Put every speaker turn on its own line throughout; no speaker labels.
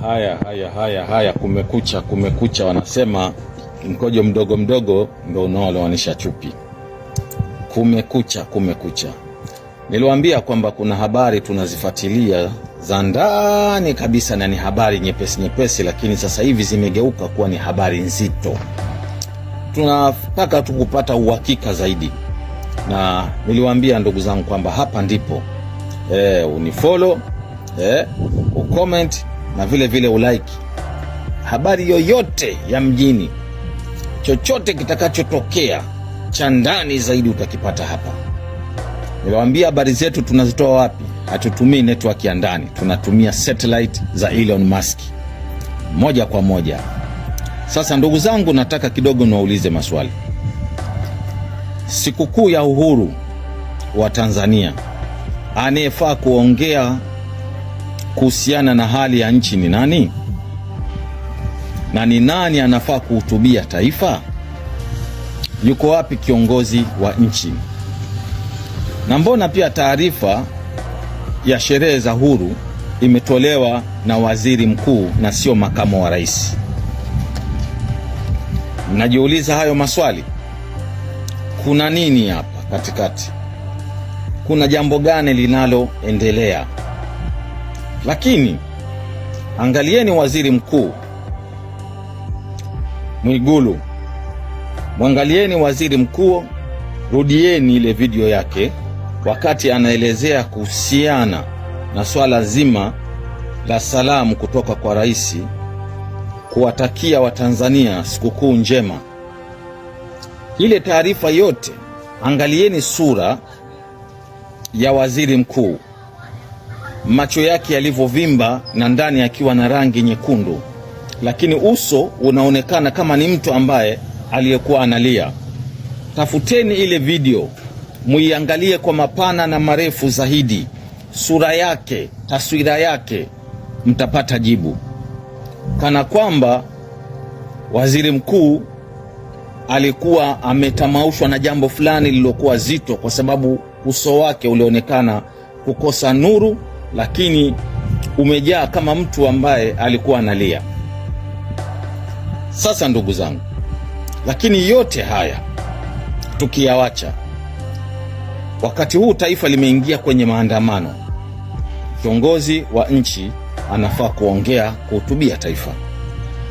Haya, haya, haya, haya, kumekucha, kumekucha. Wanasema mkojo mdogo mdogo ndio unaolowanisha chupi. Kumekucha, kumekucha. Niliwaambia kwamba kuna habari tunazifuatilia za ndani kabisa na ni habari nyepesi nyepesi, lakini sasa hivi zimegeuka kuwa ni habari nzito. Tunataka tu kupata uhakika zaidi, na niliwaambia ndugu zangu kwamba hapa ndipo eh, unifollow eh, ucomment na vile vile ulike habari yoyote ya mjini. Chochote kitakachotokea cha ndani zaidi utakipata hapa. Niliwaambia habari zetu tunazitoa wapi? Hatutumii network ya ndani, tunatumia satelit za Elon Musk moja kwa moja. Sasa ndugu zangu, nataka kidogo niwaulize maswali. Sikukuu ya uhuru wa Tanzania, anayefaa kuongea kuhusiana na hali ya nchi ni nani na ni nani anafaa kuhutubia taifa? Yuko wapi kiongozi wa nchi? Na mbona pia taarifa ya sherehe za huru imetolewa na waziri mkuu na sio makamu wa rais? Mnajiuliza hayo maswali. Kuna nini hapa katikati? Kuna jambo gani linaloendelea? Lakini angalieni waziri mkuu Mwigulu, mwangalieni waziri mkuu, rudieni ile video yake wakati anaelezea kuhusiana na swala zima la salamu kutoka kwa rais kuwatakia Watanzania sikukuu njema. Ile taarifa yote, angalieni sura ya waziri mkuu macho yake yalivyovimba na ndani akiwa na rangi nyekundu, lakini uso unaonekana kama ni mtu ambaye aliyekuwa analia. Tafuteni ile video muiangalie kwa mapana na marefu zaidi, sura yake, taswira yake, mtapata jibu. Kana kwamba waziri mkuu alikuwa ametamaushwa na jambo fulani lililokuwa zito, kwa sababu uso wake ulionekana kukosa nuru lakini umejaa kama mtu ambaye alikuwa analia. Sasa ndugu zangu, lakini yote haya tukiyawacha, wakati huu taifa limeingia kwenye maandamano, kiongozi wa nchi anafaa kuongea, kuhutubia taifa.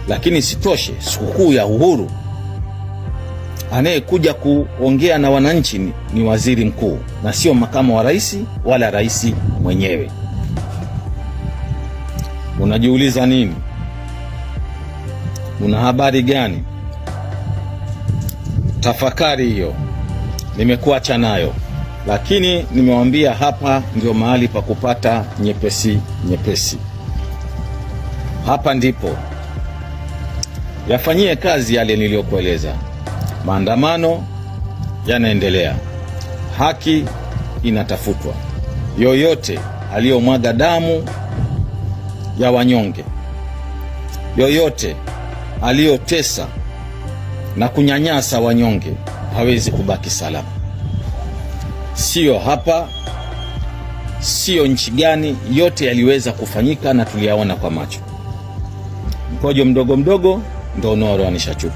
Lakini sitoshe, sikukuu ya uhuru, anayekuja kuongea na wananchi ni waziri mkuu na sio makamo wa rais wala rais mwenyewe. Unajiuliza nini? Una habari gani? Tafakari hiyo, nimekuacha nayo, lakini nimewambia hapa ndio mahali pa kupata nyepesi nyepesi. Hapa ndipo yafanyie kazi yale niliyokueleza. Maandamano yanaendelea, haki inatafutwa, yoyote aliyomwaga damu ya wanyonge. Yoyote aliyotesa na kunyanyasa wanyonge hawezi kubaki salama. Siyo hapa, siyo nchi gani, yote yaliweza kufanyika na tuliyaona kwa macho. Mkojo mdogo mdogo ndo unaoroanisha chupa.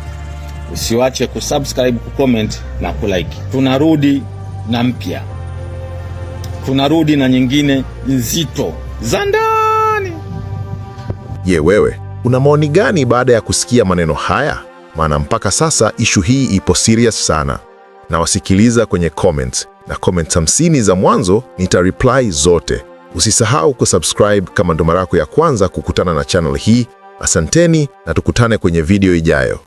Usiwache kusubscribe, kucomment na kulike. Tunarudi na mpya, tunarudi na nyingine nzito za ndani.
Je, wewe una maoni gani baada ya kusikia maneno haya? Maana mpaka sasa ishu hii ipo serious sana. Nawasikiliza kwenye comment na comment hamsini za mwanzo nitareply zote. Usisahau kusubscribe kama ndo mara yako ya kwanza kukutana na channel hii. Asanteni na tukutane kwenye video ijayo.